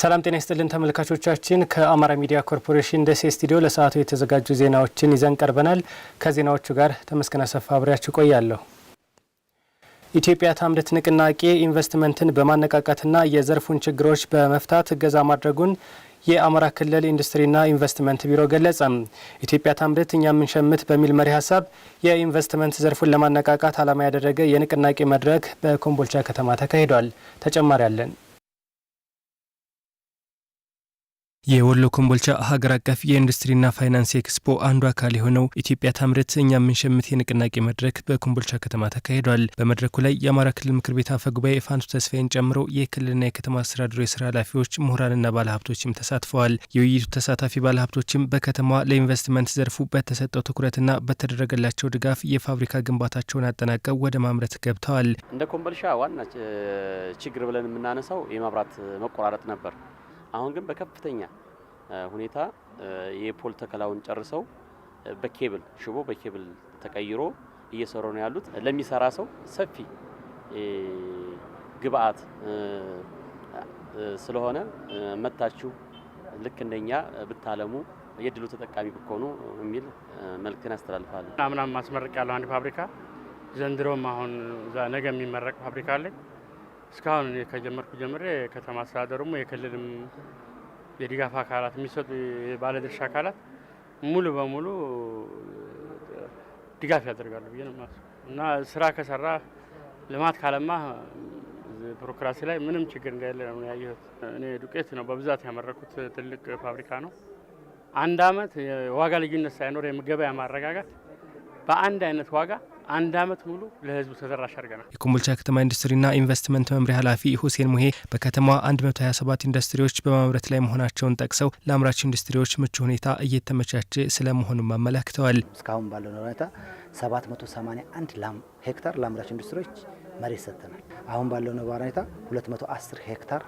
ሰላም ጤና ይስጥልን ተመልካቾቻችን፣ ከአማራ ሚዲያ ኮርፖሬሽን ደሴ ስቱዲዮ ለሰዓቱ የተዘጋጁ ዜናዎችን ይዘን ቀርበናል። ከዜናዎቹ ጋር ተመስገን አሰፋ አብሬያችሁ ቆያለሁ። ኢትዮጵያ ታምርት ንቅናቄ ኢንቨስትመንትን በማነቃቃትና የዘርፉን ችግሮች በመፍታት እገዛ ማድረጉን የአማራ ክልል ኢንዱስትሪና ኢንቨስትመንት ቢሮ ገለጸ። ኢትዮጵያ ታምርት እኛ የምንሸምት በሚል መሪ ሀሳብ የኢንቨስትመንት ዘርፉን ለማነቃቃት ዓላማ ያደረገ የንቅናቄ መድረክ በኮምቦልቻ ከተማ ተካሂዷል። ተጨማሪ አለን የወሎ ኮምቦልቻ ሀገር አቀፍ የኢንዱስትሪና ፋይናንስ ኤክስፖ አንዱ አካል የሆነው ኢትዮጵያ ታምርት እኛ የምንሸምት የንቅናቄ መድረክ በኮምቦልቻ ከተማ ተካሂዷል። በመድረኩ ላይ የአማራ ክልል ምክር ቤት አፈ ጉባኤ ፋንቱ ተስፋዬን ጨምሮ የክልልና የከተማ አስተዳደሩ የስራ ኃላፊዎች፣ ምሁራንና ባለሀብቶችም ተሳትፈዋል። የውይይቱ ተሳታፊ ባለሀብቶችም በከተማዋ ለኢንቨስትመንት ዘርፉ በተሰጠው ትኩረትና በተደረገላቸው ድጋፍ የፋብሪካ ግንባታቸውን አጠናቀው ወደ ማምረት ገብተዋል። እንደ ኮምቦልቻ ዋና ችግር ብለን የምናነሳው የመብራት መቆራረጥ ነበር። አሁን ግን በከፍተኛ ሁኔታ የፖል ተከላውን ጨርሰው በኬብል ሽቦ በኬብል ተቀይሮ እየሰሩ ነው ያሉት። ለሚሰራ ሰው ሰፊ ግብአት ስለሆነ መታችሁ ልክ እንደኛ ብታለሙ የድሉ ተጠቃሚ ብኮኑ የሚል መልክን ያስተላልፋለን። አምናም ማስመረቅ ያለው አንድ ፋብሪካ ዘንድሮም አሁን ነገ የሚመረቅ ፋብሪካ አለ። እስካሁን ከጀመርኩ ጀምሬ ከተማ አስተዳደሩም የክልልም የድጋፍ አካላት የሚሰጡ የባለድርሻ አካላት ሙሉ በሙሉ ድጋፍ ያደርጋሉ ብዬ ነው እና ስራ ከሰራ ልማት ካለማ ቢሮክራሲ ላይ ምንም ችግር እንዳለ ነው ያየሁት። እኔ ዱቄት ነው በብዛት ያመረኩት፣ ትልቅ ፋብሪካ ነው። አንድ አመት የዋጋ ልዩነት ሳይኖር የገበያ ማረጋጋት በአንድ አይነት ዋጋ አንድ አመት ሙሉ ለህዝቡ ተደራሽ አድርገናል። የኮምቦልቻ ከተማ ኢንዱስትሪና ኢንቨስትመንት መምሪያ ኃላፊ ሁሴን ሙሄ በከተማዋ 127 ኢንዱስትሪዎች በማምረት ላይ መሆናቸውን ጠቅሰው ለአምራች ኢንዱስትሪዎች ምቹ ሁኔታ እየተመቻቸ ስለመሆኑም አመላክተዋል። እስካሁን ባለው ሁኔታ 781 ሄክታር ለአምራች ኢንዱስትሪዎች መሬት ሰጥተናል። አሁን ባለው ነባራዊ ሁኔታ 210 ሄክታር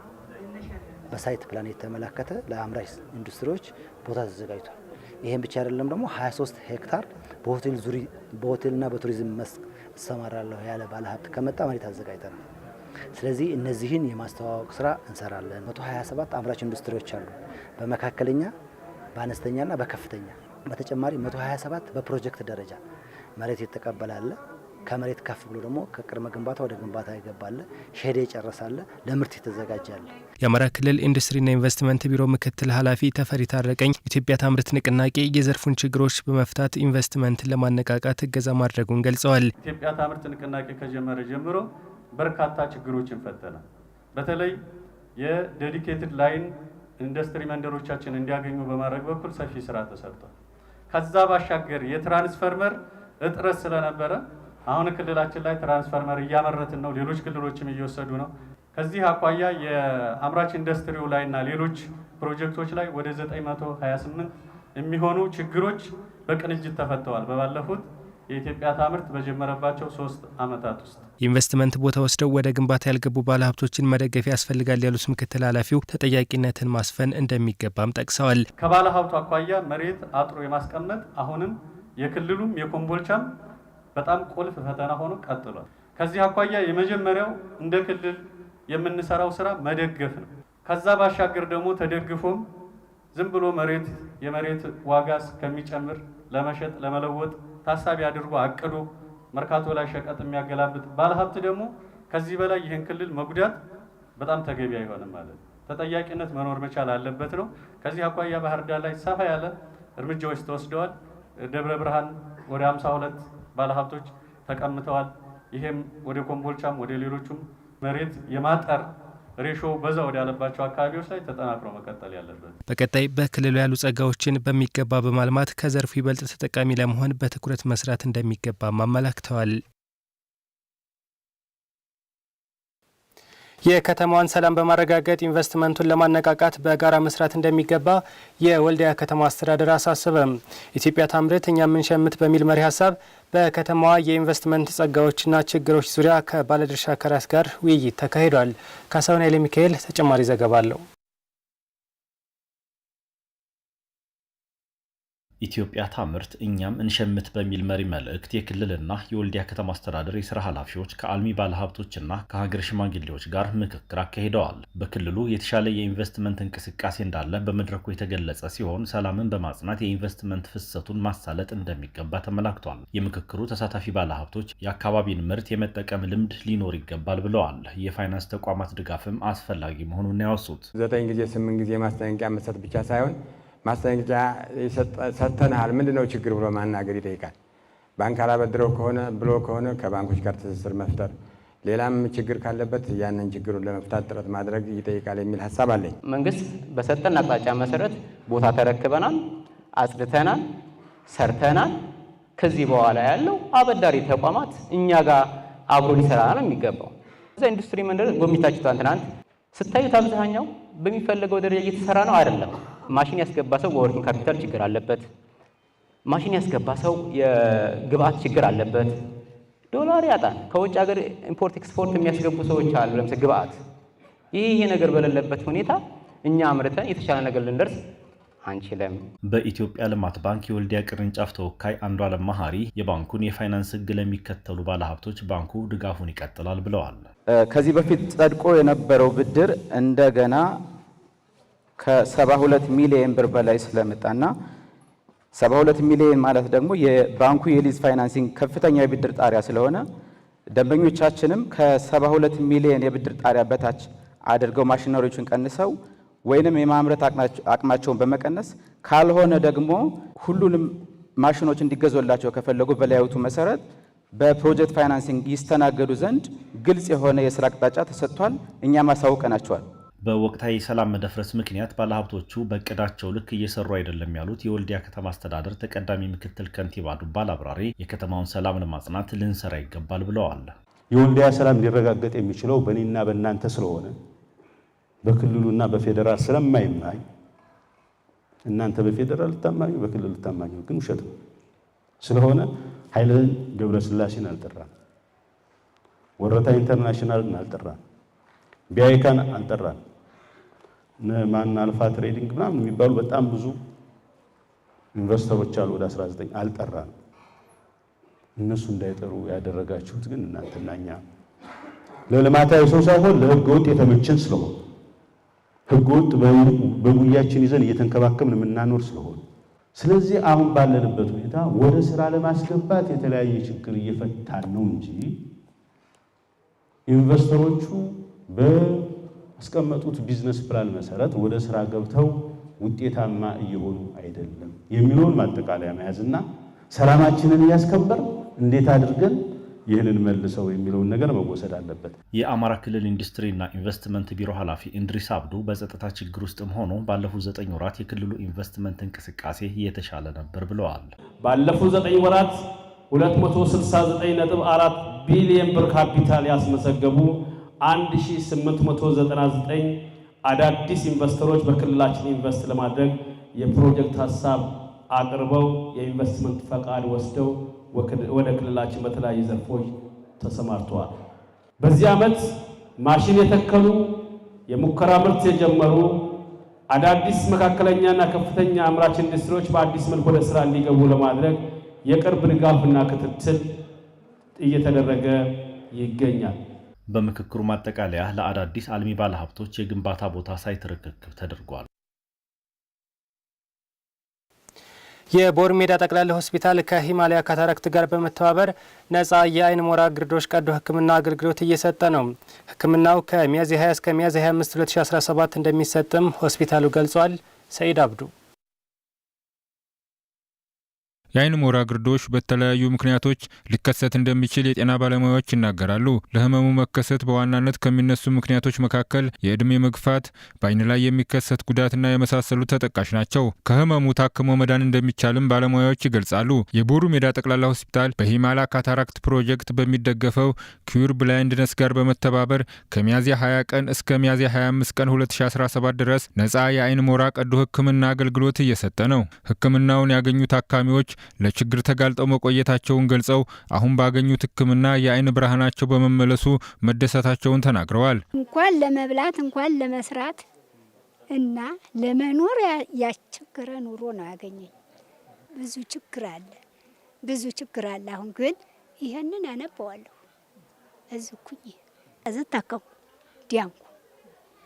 በሳይት ፕላን የተመላከተ ለአምራች ኢንዱስትሪዎች ቦታ ተዘጋጅቷል። ይሄን ብቻ አይደለም ደግሞ 23 ሄክታር በሆቴል ዙሪ በሆቴልና በቱሪዝም መስክ እሰማራለሁ ያለ ባለሀብት ከመጣ መሬት ነው። ስለዚህ እነዚህን የማስተዋወቅ ስራ እንሰራለን። 127 አምራች ኢንዱስትሪዎች አሉ፣ በመካከለኛ በአነስተኛና በከፍተኛ። በተጨማሪ 127 በፕሮጀክት ደረጃ መሬት የተቀበላለ ከመሬት ከፍ ብሎ ደግሞ ከቅድመ ግንባታ ወደ ግንባታ ይገባለ ሸደ ይጨረሳለ ለምርት የተዘጋጃለ። የአማራ ክልል ኢንዱስትሪና ኢንቨስትመንት ቢሮ ምክትል ኃላፊ ተፈሪ ታረቀኝ ኢትዮጵያ ታምርት ንቅናቄ የዘርፉን ችግሮች በመፍታት ኢንቨስትመንትን ለማነቃቃት እገዛ ማድረጉን ገልጸዋል። ኢትዮጵያ ታምርት ንቅናቄ ከጀመረ ጀምሮ በርካታ ችግሮችን ፈተነ። በተለይ የዴዲኬትድ ላይን ኢንዱስትሪ መንደሮቻችን እንዲያገኙ በማድረግ በኩል ሰፊ ስራ ተሰርቷል። ከዛ ባሻገር የትራንስፈርመር እጥረት ስለነበረ አሁን ክልላችን ላይ ትራንስፈርመር እያመረትን ነው። ሌሎች ክልሎችም እየወሰዱ ነው። ከዚህ አኳያ የአምራች ኢንዱስትሪው ላይ እና ሌሎች ፕሮጀክቶች ላይ ወደ 928 የሚሆኑ ችግሮች በቅንጅት ተፈተዋል። በባለፉት የኢትዮጵያ ታምርት በጀመረባቸው ሶስት ዓመታት ውስጥ ኢንቨስትመንት ቦታ ወስደው ወደ ግንባታ ያልገቡ ባለሀብቶችን መደገፍ ያስፈልጋል ያሉት ምክትል ኃላፊው ተጠያቂነትን ማስፈን እንደሚገባም ጠቅሰዋል። ከባለሀብቱ አኳያ መሬት አጥሮ የማስቀመጥ አሁንም የክልሉም የኮምቦልቻም በጣም ቁልፍ ፈተና ሆኖ ቀጥሏል። ከዚህ አኳያ የመጀመሪያው እንደ ክልል የምንሰራው ስራ መደገፍ ነው። ከዛ ባሻገር ደግሞ ተደግፎም ዝም ብሎ መሬት የመሬት ዋጋ እስከሚጨምር ለመሸጥ ለመለወጥ ታሳቢ አድርጎ አቅዶ መርካቶ ላይ ሸቀጥ የሚያገላብጥ ባለሀብት ደግሞ ከዚህ በላይ ይህን ክልል መጉዳት በጣም ተገቢ አይሆንም ማለት ነው። ተጠያቂነት መኖር መቻል አለበት ነው። ከዚህ አኳያ ባህር ዳር ላይ ሰፋ ያለ እርምጃዎች ተወስደዋል። ደብረ ብርሃን ወደ 52 ባለሀብቶች ተቀምጠዋል። ይሄም ወደ ኮምቦልቻም ወደ ሌሎቹም መሬት የማጠር ሬሾ በዛ ወደ ያለባቸው አካባቢዎች ላይ ተጠናክሮ መቀጠል ያለበት። በቀጣይ በክልሉ ያሉ ጸጋዎችን በሚገባ በማልማት ከዘርፉ ይበልጥ ተጠቃሚ ለመሆን በትኩረት መስራት እንደሚገባም አመላክተዋል። የከተማዋን ሰላም በማረጋገጥ ኢንቨስትመንቱን ለማነቃቃት በጋራ መስራት እንደሚገባ የወልዲያ ከተማ አስተዳደር አሳስበም። ኢትዮጵያ ታምርት እኛ ምንሸምት በሚል መሪ ሀሳብ በከተማዋ የኢንቨስትመንት ጸጋዎችና ችግሮች ዙሪያ ከባለድርሻ አካላት ጋር ውይይት ተካሂዷል። ካሳሁን ኃይለ ሚካኤል ተጨማሪ ዘገባ አለው። ኢትዮጵያ ታምርት እኛም እንሸምት በሚል መሪ መልእክት የክልልና የወልዲያ ከተማ አስተዳደር የስራ ኃላፊዎች ከአልሚ ባለሀብቶችና ከሀገር ሽማግሌዎች ጋር ምክክር አካሂደዋል። በክልሉ የተሻለ የኢንቨስትመንት እንቅስቃሴ እንዳለ በመድረኩ የተገለጸ ሲሆን ሰላምን በማጽናት የኢንቨስትመንት ፍሰቱን ማሳለጥ እንደሚገባ ተመላክቷል። የምክክሩ ተሳታፊ ባለሀብቶች የአካባቢን ምርት የመጠቀም ልምድ ሊኖር ይገባል ብለዋል። የፋይናንስ ተቋማት ድጋፍም አስፈላጊ መሆኑን ያወሱት ዘጠኝ ጊዜ ስምንት ጊዜ ማስጠንቀቂያ መሰጠት ብቻ ሳይሆን ማስጠንቀቂያ ሰጥተናል፣ ምንድን ነው ችግር ብሎ ማናገር ይጠይቃል። ባንክ አላበድረው ከሆነ ብሎ ከሆነ ከባንኮች ጋር ትስስር መፍጠር፣ ሌላም ችግር ካለበት ያንን ችግሩን ለመፍታት ጥረት ማድረግ ይጠይቃል የሚል ሀሳብ አለኝ። መንግስት በሰጠን አቅጣጫ መሰረት ቦታ ተረክበናል፣ አጽድተናል፣ ሰርተናል። ከዚህ በኋላ ያለው አበዳሪ ተቋማት እኛ ጋር አብሮ ሊሰራ ነው የሚገባው። እዛ ኢንዱስትሪ መንደር ጎብኝታችሁ ትናንት ስታዩት አብዛኛው በሚፈለገው ደረጃ እየተሰራ ነው አይደለም። ማሽን ያስገባ ሰው ወርኪንግ ካፒታል ችግር አለበት። ማሽን ያስገባ ሰው የግብአት ችግር አለበት። ዶላር ያጣን። ከውጭ ሀገር ኢምፖርት ኤክስፖርት የሚያስገቡ ሰዎች አሉ። ለምሳሌ ግብአት። ይህ ይሄ ነገር በሌለበት ሁኔታ እኛ አምርተን የተሻለ ነገር ልንደርስ አንችልም። በኢትዮጵያ ልማት ባንክ የወልዲያ ቅርንጫፍ ተወካይ አንዷለም መሀሪ የባንኩን የፋይናንስ ሕግ ለሚከተሉ ባለሀብቶች ባንኩ ድጋፉን ይቀጥላል ብለዋል። ከዚህ በፊት ጸድቆ የነበረው ብድር እንደገና ከ72 ሚሊየን ብር በላይ ስለመጣና 72 ሚሊየን ማለት ደግሞ የባንኩ የሊዝ ፋይናንሲንግ ከፍተኛ የብድር ጣሪያ ስለሆነ ደንበኞቻችንም ከ72 ሚሊየን የብድር ጣሪያ በታች አድርገው ማሽነሪዎችን ቀንሰው ወይንም የማምረት አቅማቸውን በመቀነስ ካልሆነ ደግሞ ሁሉንም ማሽኖች እንዲገዙላቸው ከፈለጉ በላዩቱ መሰረት በፕሮጀክት ፋይናንሲንግ ይስተናገዱ ዘንድ ግልጽ የሆነ የስራ አቅጣጫ ተሰጥቷል። እኛም አሳውቀናቸዋል። በወቅታዊ የሰላም መደፍረስ ምክንያት ባለሀብቶቹ በእቅዳቸው ልክ እየሰሩ አይደለም ያሉት የወልዲያ ከተማ አስተዳደር ተቀዳሚ ምክትል ከንቲባ ዱባል አብራሪ የከተማውን ሰላም ለማጽናት ልንሰራ ይገባል ብለዋል። የወልዲያ ሰላም ሊረጋገጥ የሚችለው በእኔና በእናንተ ስለሆነ በክልሉና በፌዴራል ስለማይማኝ እናንተ በፌዴራል ልታማኙ፣ በክልል ልታማኙ ግን ውሸት ነው ስለሆነ ኃይለ ገብረስላሴን አልጠራን፣ ወረታ ኢንተርናሽናልን አልጠራን፣ ቢያይካን አልጠራን። ማን አልፋ ትሬዲንግ ምናምን የሚባሉ በጣም ብዙ ኢንቨስተሮች አሉ። ወደ 19 አልጠራ። እነሱ እንዳይጠሩ ያደረጋችሁት ግን እናንተና እኛ ለልማታዊ ሰው ሳይሆን ለህገ ወጥ የተመቸን ስለሆነ ሕገ ወጥ በጉያችን ይዘን እየተንከባከብን የምናኖር ስለሆነ ስለዚህ አሁን ባለንበት ሁኔታ ወደ ስራ ለማስገባት የተለያየ ችግር እየፈታን ነው እንጂ ኢንቨስተሮቹ በ ባስቀመጡት ቢዝነስ ፕላን መሰረት ወደ ስራ ገብተው ውጤታማ እየሆኑ አይደለም የሚለውን ማጠቃለያ መያዝና ሰላማችንን እያስከበር እንዴት አድርገን ይህንን መልሰው የሚለውን ነገር መወሰድ አለበት። የአማራ ክልል ኢንዱስትሪና ኢንቨስትመንት ቢሮ ኃላፊ እንድሪስ አብዱ በጸጥታ ችግር ውስጥም ሆኖ ባለፉት ዘጠኝ ወራት የክልሉ ኢንቨስትመንት እንቅስቃሴ የተሻለ ነበር ብለዋል። ባለፉት ዘጠኝ ወራት 269.4 ቢሊየን ብር ካፒታል ያስመዘገቡ 1899 አዳዲስ ኢንቨስተሮች በክልላችን ኢንቨስት ለማድረግ የፕሮጀክት ሀሳብ አቅርበው የኢንቨስትመንት ፈቃድ ወስደው ወደ ክልላችን በተለያዩ ዘርፎች ተሰማርተዋል። በዚህ ዓመት ማሽን የተከሉ የሙከራ ምርት የጀመሩ አዳዲስ መካከለኛና ከፍተኛ አምራች ኢንዱስትሪዎች በአዲስ መልክ ወደ ስራ እንዲገቡ ለማድረግ የቅርብ ድጋፍና ክትትል እየተደረገ ይገኛል። በምክክሩ ማጠቃለያ ለአዳዲስ አልሚ ባለሀብቶች የግንባታ ቦታ ሳይት ርክክብ ተደርጓል። የቦር ሜዳ ጠቅላላ ሆስፒታል ከሂማሊያ ካታረክት ጋር በመተባበር ነጻ የአይን ሞራ ግርዶሽ ቀዶ ሕክምና አገልግሎት እየሰጠ ነው። ሕክምናው ከሚያዝያ 20 እስከ ሚያዝያ 25 2017 እንደሚሰጥም ሆስፒታሉ ገልጿል። ሰኢድ አብዱ የአይን ሞራ ግርዶሽ በተለያዩ ምክንያቶች ሊከሰት እንደሚችል የጤና ባለሙያዎች ይናገራሉ። ለህመሙ መከሰት በዋናነት ከሚነሱ ምክንያቶች መካከል የእድሜ መግፋት፣ በአይን ላይ የሚከሰት ጉዳትና የመሳሰሉ ተጠቃሽ ናቸው። ከህመሙ ታክሞ መዳን እንደሚቻልም ባለሙያዎች ይገልጻሉ። የቦሩ ሜዳ ጠቅላላ ሆስፒታል በሂማላ ካታራክት ፕሮጀክት በሚደገፈው ኪዩር ብላይንድነስ ጋር በመተባበር ከሚያዝያ 20 ቀን እስከ ሚያዝያ 25 ቀን 2017 ድረስ ነፃ የአይን ሞራ ቀዶ ህክምና አገልግሎት እየሰጠ ነው። ህክምናውን ያገኙ ታካሚዎች ለችግር ተጋልጠው መቆየታቸውን ገልጸው አሁን ባገኙት ሕክምና የአይን ብርሃናቸው በመመለሱ መደሰታቸውን ተናግረዋል። እንኳን ለመብላት እንኳን ለመስራት እና ለመኖር ያስቸገረ ኑሮ ነው ያገኘኝ። ብዙ ችግር አለ፣ ብዙ ችግር አለ። አሁን ግን ይህንን አነበዋለሁ። እዝኩኝ አዘታከው ዲያንኩ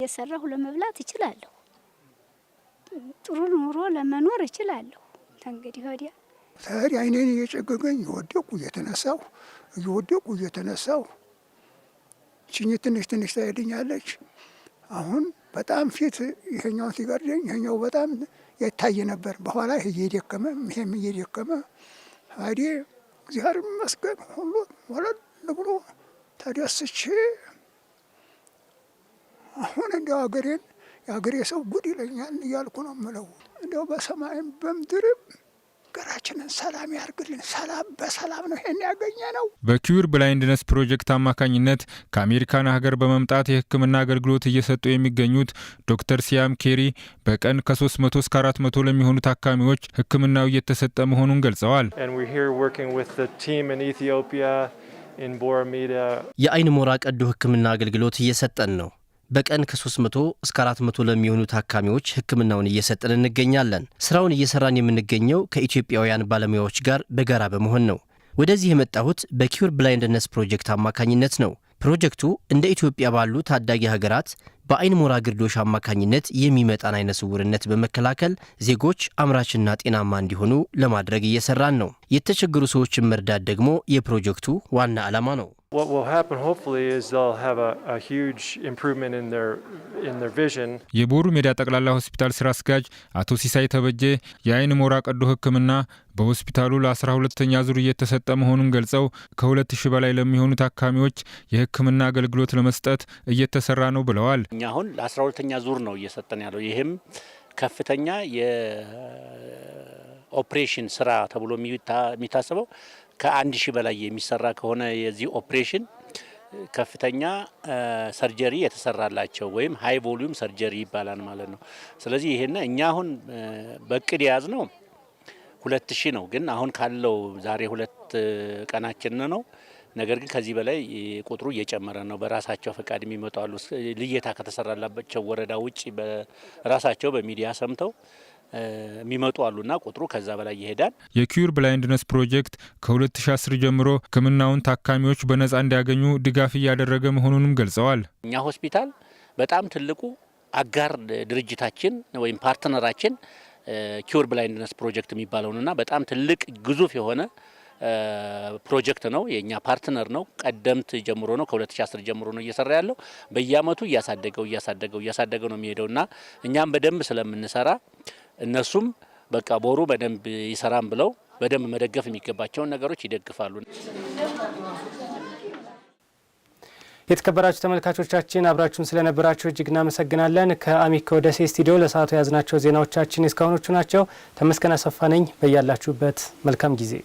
የሰራሁ ለመብላት እችላለሁ። ጥሩ ኑሮ ለመኖር እችላለሁ። ተንግዲህ ወዲያ ታዲ አይኔን እየጨገገኝ እየወደቁ እየተነሳሁ እየወደቁ እየተነሳሁ ችኝ ትንሽ ትንሽ ታሄድኛለች። አሁን በጣም ፊት ይሄኛው ሲገርደኝ ይሄኛው በጣም የታየ ነበር። በኋላ ይሄ እየደከመ ይሄም እየደከመ አዴ እግዚአብሔር ይመስገን ሁሉ ወለል ብሎ ተደስቼ አሁን እንዲያው አገሬን የአገሬ ሰው ጉድ ይለኛል እያልኩ ነው ምለው እንዲያው በሰማይም በምድርም ሀገራችንን ሰላም ያርግልን። ሰላም በሰላም ነው ይሄን ያገኘ ነው። በኪዩር ብላይንድነስ ፕሮጀክት አማካኝነት ከአሜሪካን ሀገር በመምጣት የሕክምና አገልግሎት እየሰጡ የሚገኙት ዶክተር ሲያም ኬሪ በቀን ከ300 እስከ 400 ለሚሆኑ ታካሚዎች ሕክምናው እየተሰጠ መሆኑን ገልጸዋል። የአይን ሞራ ቀዶ ሕክምና አገልግሎት እየሰጠን ነው በቀን ከ300 እስከ 400 ለሚሆኑ ታካሚዎች ሕክምናውን እየሰጠን እንገኛለን። ስራውን እየሰራን የምንገኘው ከኢትዮጵያውያን ባለሙያዎች ጋር በጋራ በመሆን ነው። ወደዚህ የመጣሁት በኪውር ብላይንድነስ ፕሮጀክት አማካኝነት ነው። ፕሮጀክቱ እንደ ኢትዮጵያ ባሉ ታዳጊ ሀገራት በአይን ሞራ ግርዶሽ አማካኝነት የሚመጣን አይነ ስውርነት በመከላከል ዜጎች አምራችና ጤናማ እንዲሆኑ ለማድረግ እየሰራን ነው። የተቸገሩ ሰዎችን መርዳት ደግሞ የፕሮጀክቱ ዋና ዓላማ ነው። የቦሩ ሜዳ ጠቅላላ ሆስፒታል ስራ አስኪያጅ አቶ ሲሳይ ተበጀ የአይን ሞራ ቀዶ ሕክምና በሆስፒታሉ ለአስራ ሁለተኛ ዙር እየተሰጠ መሆኑን ገልጸው ከሁለት ሺህ በላይ ለሚሆኑ ታካሚዎች የሕክምና አገልግሎት ለመስጠት እየተሰራ ነው ብለዋል። እኛ አሁን ለአስራ ሁለተኛ ዙር ነው እየሰጠን ያለው ይህም ከፍተኛ የኦፕሬሽን ስራ ተብሎ የሚታሰበው ከአንድ ሺህ በላይ የሚሰራ ከሆነ የዚህ ኦፕሬሽን ከፍተኛ ሰርጀሪ የተሰራላቸው ወይም ሀይ ቮሊዩም ሰርጀሪ ይባላል ማለት ነው። ስለዚህ ይህን እኛ አሁን በእቅድ የያዝ ነው ሁለት ሺህ ነው፣ ግን አሁን ካለው ዛሬ ሁለት ቀናችን ነው። ነገር ግን ከዚህ በላይ ቁጥሩ እየጨመረ ነው። በራሳቸው ፈቃድ የሚመጣሉ ልየታ ከተሰራላቸው ወረዳ ውጭ በራሳቸው በሚዲያ ሰምተው የሚመጡ አሉና ቁጥሩ ከዛ በላይ ይሄዳል። የኪዩር ብላይንድነስ ፕሮጀክት ከ2010 ጀምሮ ሕክምናውን ታካሚዎች በነጻ እንዲያገኙ ድጋፍ እያደረገ መሆኑንም ገልጸዋል። እኛ ሆስፒታል በጣም ትልቁ አጋር ድርጅታችን ወይም ፓርትነራችን ኪዩር ብላይንድነስ ፕሮጀክት የሚባለውንና በጣም ትልቅ ግዙፍ የሆነ ፕሮጀክት ነው። የእኛ ፓርትነር ነው። ቀደምት ጀምሮ ነው ከ2010 ጀምሮ ነው እየሰራ ያለው። በየአመቱ እያሳደገው እያሳደገው እያሳደገው ነው የሚሄደው እና እኛም በደንብ ስለምንሰራ እነሱም በቃ ቦሩ በደንብ ይሰራም ብለው በደንብ መደገፍ የሚገባቸውን ነገሮች ይደግፋሉ። የተከበራችሁ ተመልካቾቻችን አብራችሁን ስለነበራችሁ እጅግ እናመሰግናለን። ከአሚኮ ደሴ ስቱዲዮ ለሰዓቱ የያዝናቸው ዜናዎቻችን እስካሁኖቹ ናቸው። ተመስገን አሰፋ ነኝ። በያላችሁበት መልካም ጊዜ